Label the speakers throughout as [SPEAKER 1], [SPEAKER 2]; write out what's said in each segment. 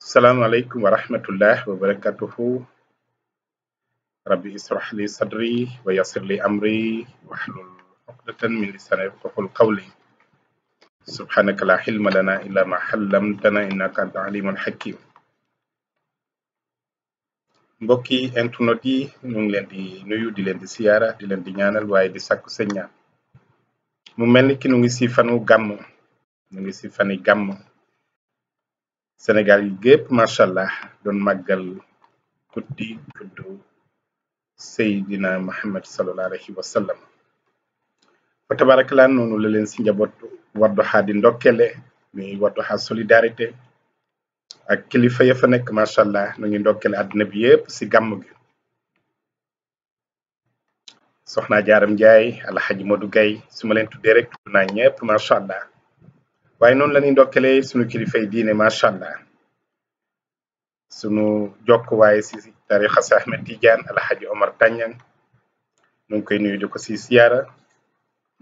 [SPEAKER 1] Assalamualaikum warahmatullahi wabarakatuh. Rabbi israh li sadri wa yassir li amri wa hlul 'uqdatan min lisani yafqahu qawli. Subhanaka la hilma lana illa ma 'allamtana innaka antal 'alimul hakim. Mbokki entunoti ñu ngi len di nuyu di len di siyara di len di ñaanal way di sakku Mu melni ki ñu ngi ci fanu gam ñu ngi ci fani gam senegal yi gep machallah allah magal màggal tuddu Sayyidina Muhammad sallallahu Alaihi wa fa tabarakallah nonu la len si njaboot ha di ni ñuy ha solidarité ak kilifa ya fa nek machallah allah ngi ndokele aduna bi yep si gam gi soxna jaay al hadji Modou gay suma len tuddé rek tudd naa ñépp waaye noonu la ñuy ndokkale sunu kilifay diine macha allah sunu jokkuwaay si tarixa si Ahmed Tidiane alxaji Omar Tanyang, ñu koy nuyu diko ci si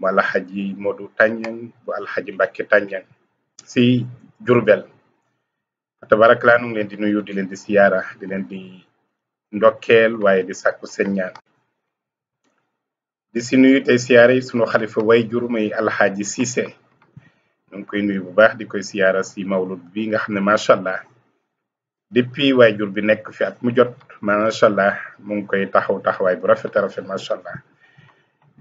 [SPEAKER 1] wala bu Modou Tanyang bu alxaji mbacke Tanyang si Jurbel tabarakala ñu ngi leen di nuyu di leen di siyaara di leen di ndokkel waye di sakku seen di si nuyu sunu khalifa way jurmay al alxaji Cissé ñu koy nuyu bu baax di koy siyaara si mawlud bi nga xamne ne macha allah depuis wayjur bi nek fi at mu jot macha allah mu ngi koy taxaw taxaway bu rafet rafet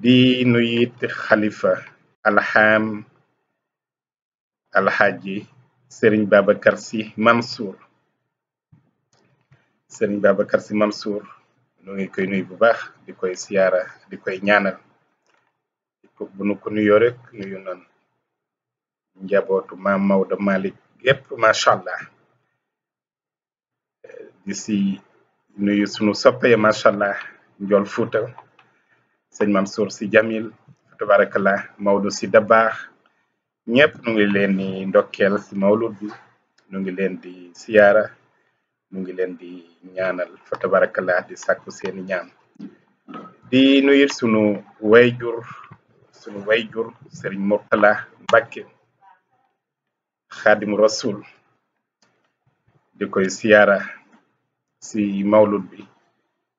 [SPEAKER 1] di nuyu Khalifa alham alham alhaji sering babacar si mansour serigne babakar si mansour ñu ngi koy nuyu bu baax di koy siyaara di koy ñaanal bu nu ko nuyo rek nuyu nan njabootu maam Maodo Malick yépp macha allah di si nuyu sunu soppee macha allah njool Fouta sëñ Mansour si Jamil tabarakallah Maodo si Dabaax ñëpp nu ngi leen di ndokkeel si mawlud bi nu ngi leen di siyaara nu ngi leen di ñaanal fa tabarakallah di sàkku seeni ñaam di nuyu sunu wayjur sunu wayjur Serigne Mourtala Mbacke xaadimu rasul di koy siyaara si mawlud bi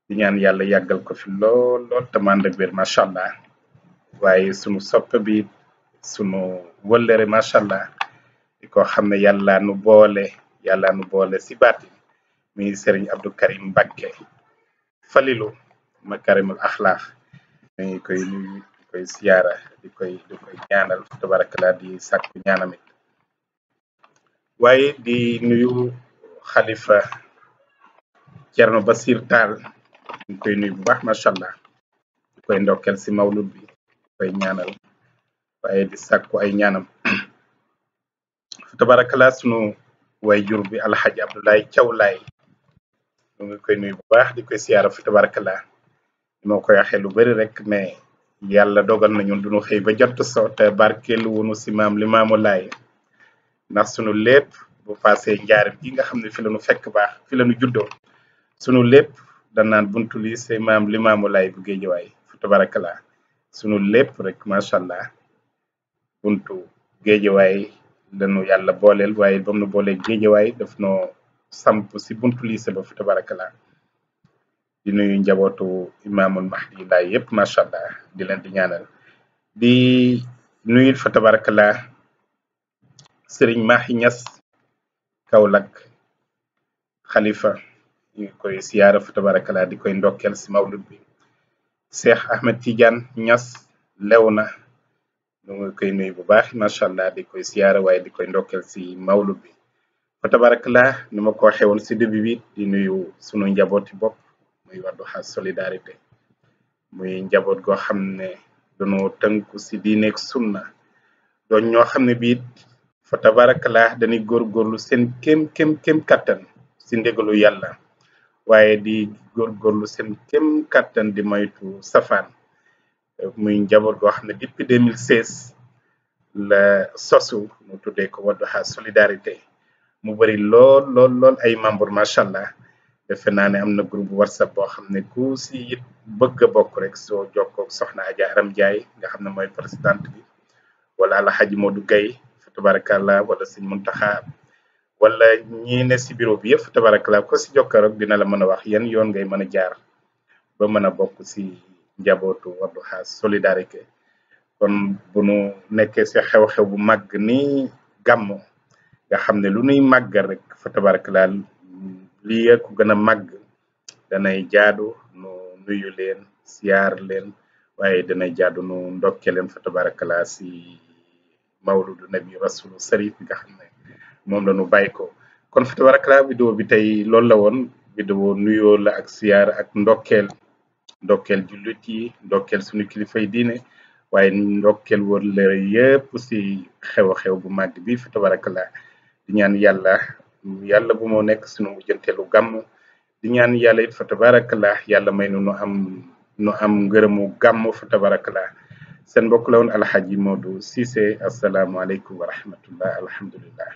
[SPEAKER 1] di ñaan yàlla yàggal ko fi lool lool tamand ak wér macha allah waaye sunu sopp bi sunu wëllëre macha allah di ko xam ne yalla nu boole yàlla nu boole si baatin muy seriñ Abdou Karim Mbacké Falilou makarimul axlaax dañu koy nuyu di koy siyaara di koy di koy ñaanal tabarakallah di ñaanamit waaye di nuyu xalifa Cerno Basir Taal ñu nuyu bu baax macha allah koy ndokkeel si mawlud bi koy ñaanal waaye di sàkku ay ñaanam fa tabarakalaa sunu way jur bi alxaji Abdoulaye Thiaw Laye ñu ngi koy nuyu bu baax di koy siyaara fa tabarakalaa li ma koy waxee lu bari rek mais yàlla dogal na ñun duñu xëy ba jot soo te barkeelu si maam li maamu Laay ndax sunu lépp bo paasee njaarim gi nga xam ne fi nu fekk baax fi la nu juddoo sunu lépp danaan buntu lii say maam li maamu laay bu géejawaay fa tabarakalaa sunu lépp rek macha allah buntu géejawaay lanu yàlla booleel waaye ba mu nu boolee géejawaay daf noo samp si buntu liise ba fa tabarakalaa di nuyu njabootu imaamul mahdi laay yëpp macha allah di leen di ñaanal di nuyu fa tabarakalaa sëriñ Mahi Niass Kaolack xalifa ñu koy siyaara fa tabarakalaa di koy ndokkeel si mawlud bi Cheikh Ahmed Tidiane Niass Léona ñu ngi koy nuyu bu baax macha allah di koy siyaara waaye di koy ndokkeel si mawlud bi fa tabarakalaa ni ma ko si début bi di nuyu sunu njabooti bopp muy Wadduha solidarité muy njaboot goo xam ne dañoo tënku si diineeg sunna doon xam ne biit fa tabarakallah dañuy góorgóorlu seen kem kem kem kattan si ndégalu yàlla waaye di góorgóorlu seen kem kattan di moytu safaan muy njaboot goo xam ne depuis 2016 la sosu mu tuddee ko Wadduha solidarité mu bëri lool lool lool ay membre macha allah defe naa ne am na groupe whatsapp boo xam ne ku si it bëgg a bokk rek soo jokkoo soxna Adja Aram nga xam ne mooy présidente bi wala Alhaji Modou Guèye tabarakallah wala sëñ muntaha wala ñi ne ci bureau bi yef tabarakallah ko si jokkar ak dina la mëna wax yeen yoon ngay mëna jaar ba mëna bok ci si wadu ha solidarité kon bu nu nekké ci xew-xew bu mag ni gàmmu nga xamné lu nuy mag rek fa li ya ko gëna mag da nay jaadu nu nuyu siar len. leen waaye danay jaadu nu ndokkelen fa tabarakallah si mawludu nabi rasulu sarif bi nga xam moom la ñu bàyyi kon fa tabarakala vidéo bi tey loolu la woon vidéo nuyoo la ak siyaar ak ndokel ndokkeel jullit yi ndokkeel suñu kilifay diine waaye ndokkeel wër la yëpp si xew-xew bu màgg bi fa tabarakala di ñaan yàlla yàlla bu mo nekk sunu mujjanteelu gàmm di ñaan yàlla it fa tabarakala yàlla may nu nu am nu am ngërëmu gàmm fa seen mbokk la woon Alxaaji Modou Cissé asalaamaaleykum wa rahmatullah alhamdulillah